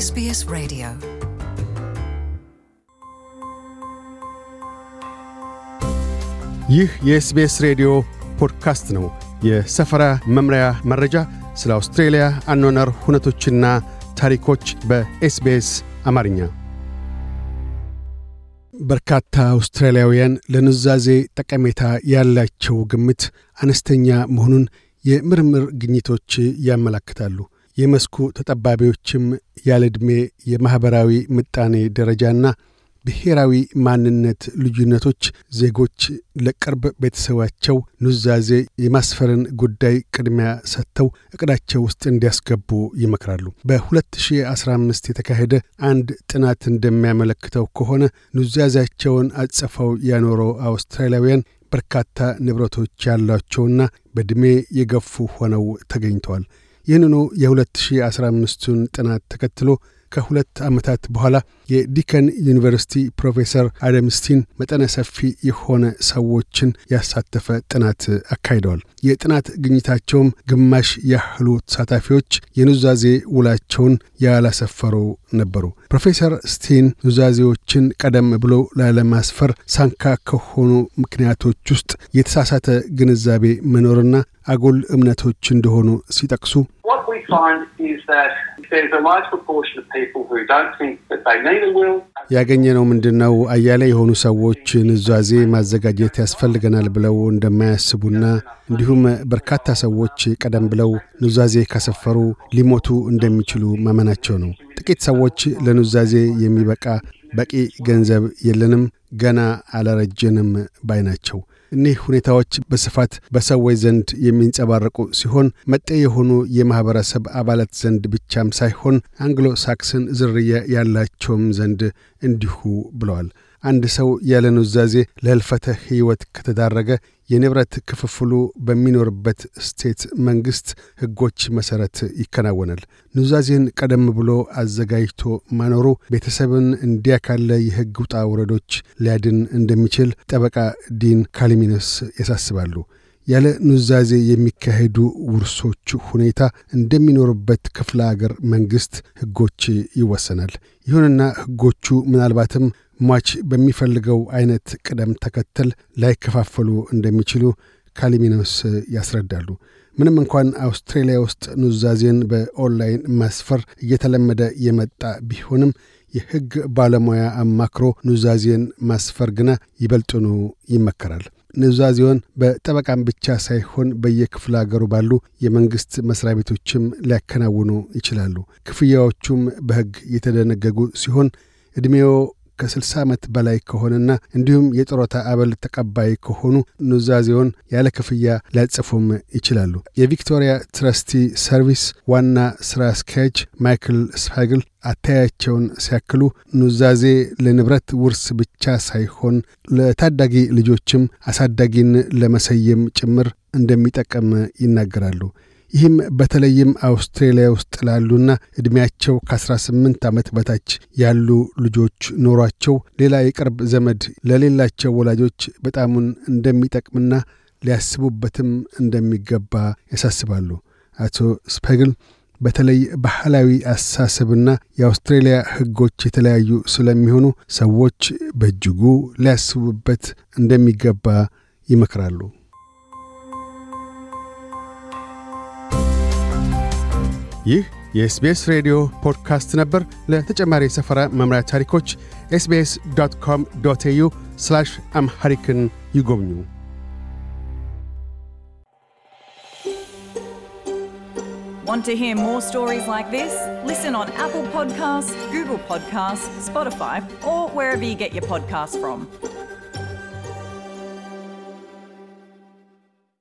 SBS Radio ይህ የኤስቢኤስ ሬዲዮ ፖድካስት ነው። የሰፈራ መምሪያ መረጃ፣ ስለ አውስትሬልያ አኗኗር ሁነቶችና ታሪኮች በኤስቢኤስ አማርኛ። በርካታ አውስትራሊያውያን ለኑዛዜ ጠቀሜታ ያላቸው ግምት አነስተኛ መሆኑን የምርምር ግኝቶች ያመላክታሉ። የመስኩ ተጠባቢዎችም ያለ ዕድሜ የማኅበራዊ ምጣኔ ደረጃና ብሔራዊ ማንነት ልዩነቶች ዜጎች ለቅርብ ቤተሰባቸው ኑዛዜ የማስፈርን ጉዳይ ቅድሚያ ሰጥተው እቅዳቸው ውስጥ እንዲያስገቡ ይመክራሉ። በ2015 የተካሄደ አንድ ጥናት እንደሚያመለክተው ከሆነ ኑዛዜያቸውን አጽፈው ያኖረው አውስትራሊያውያን በርካታ ንብረቶች ያሏቸውና በዕድሜ የገፉ ሆነው ተገኝተዋል። ይህንኑ የ2015ቱን ጥናት ተከትሎ ከሁለት ዓመታት በኋላ የዲከን ዩኒቨርሲቲ ፕሮፌሰር አደም ስቲን መጠነ ሰፊ የሆነ ሰዎችን ያሳተፈ ጥናት አካሂደዋል። የጥናት ግኝታቸውም ግማሽ ያህሉ ተሳታፊዎች የኑዛዜ ውላቸውን ያላሰፈሩ ነበሩ። ፕሮፌሰር ስቲን ኑዛዜዎችን ቀደም ብሎ ላለማስፈር ሳንካ ከሆኑ ምክንያቶች ውስጥ የተሳሳተ ግንዛቤ መኖርና አጉል እምነቶች እንደሆኑ ሲጠቅሱ ያገኘነው ምንድን ነው? አያሌ የሆኑ ሰዎች ኑዛዜ ማዘጋጀት ያስፈልገናል ብለው እንደማያስቡና እንዲሁም በርካታ ሰዎች ቀደም ብለው ኑዛዜ ካሰፈሩ ሊሞቱ እንደሚችሉ ማመናቸው ነው። ጥቂት ሰዎች ለኑዛዜ የሚበቃ በቂ ገንዘብ የለንም፣ ገና አላረጀንም ባይ ናቸው። እኒህ ሁኔታዎች በስፋት በሰዎች ዘንድ የሚንጸባረቁ ሲሆን መጤ የሆኑ የማኅበረሰብ አባላት ዘንድ ብቻም ሳይሆን አንግሎ ሳክሰን ዝርያ ያላቸውም ዘንድ እንዲሁ ብለዋል። አንድ ሰው ያለ ኑዛዜ ለህልፈተ ሕይወት ከተዳረገ የንብረት ክፍፍሉ በሚኖርበት ስቴት መንግሥት ሕጎች መሠረት ይከናወናል። ኑዛዜን ቀደም ብሎ አዘጋጅቶ መኖሩ ቤተሰብን እንዲያ ካለ የሕግ ውጣ ውረዶች ሊያድን እንደሚችል ጠበቃ ዲን ካሊሚነስ ያሳስባሉ። ያለ ኑዛዜ የሚካሄዱ ውርሶች ሁኔታ እንደሚኖርበት ክፍለ አገር መንግሥት ሕጎች ይወሰናል። ይሁንና ሕጎቹ ምናልባትም ሟች በሚፈልገው አይነት ቅደም ተከተል ላይከፋፈሉ እንደሚችሉ ካሊሚኖስ ያስረዳሉ። ምንም እንኳን አውስትሬልያ ውስጥ ኑዛዜን በኦንላይን ማስፈር እየተለመደ የመጣ ቢሆንም የሕግ ባለሙያ አማክሮ ኑዛዜን ማስፈር ግና ይበልጥኑ ይመከራል። ኑዛዜውን በጠበቃም ብቻ ሳይሆን በየክፍለ አገሩ ባሉ የመንግስት መስሪያ ቤቶችም ሊያከናውኑ ይችላሉ። ክፍያዎቹም በሕግ የተደነገጉ ሲሆን ዕድሜዎ ከ60 ዓመት በላይ ከሆነና እንዲሁም የጥሮታ አበል ተቀባይ ከሆኑ ኑዛዜውን ያለ ክፍያ ሊያጽፉም ይችላሉ። የቪክቶሪያ ትረስቲ ሰርቪስ ዋና ስራ አስኪያጅ ማይክል ስፓግል አታያቸውን ሲያክሉ ኑዛዜ ለንብረት ውርስ ብቻ ሳይሆን ለታዳጊ ልጆችም አሳዳጊን ለመሰየም ጭምር እንደሚጠቅም ይናገራሉ። ይህም በተለይም አውስትሬልያ ውስጥ ላሉና ዕድሜያቸው ከ18 ዓመት በታች ያሉ ልጆች ኖሯቸው ሌላ የቅርብ ዘመድ ለሌላቸው ወላጆች በጣሙን እንደሚጠቅምና ሊያስቡበትም እንደሚገባ ያሳስባሉ። አቶ ስፐግል በተለይ ባህላዊ አሳስብና የአውስትሬልያ ህጎች የተለያዩ ስለሚሆኑ ሰዎች በእጅጉ ሊያስቡበት እንደሚገባ ይመክራሉ። ይህ የኤስቤስ ሬዲዮ ፖድካስት ነበር። ለተጨማሪ የሰፈራ መምሪያ ታሪኮች ኤስቤስ ዶት ኮም ዶት ኤዩ አምሐሪክን ይጎብኙ። Want to hear more stories like this? Listen on Apple Podcasts, Google Podcasts, Spotify, or wherever you get your podcasts from.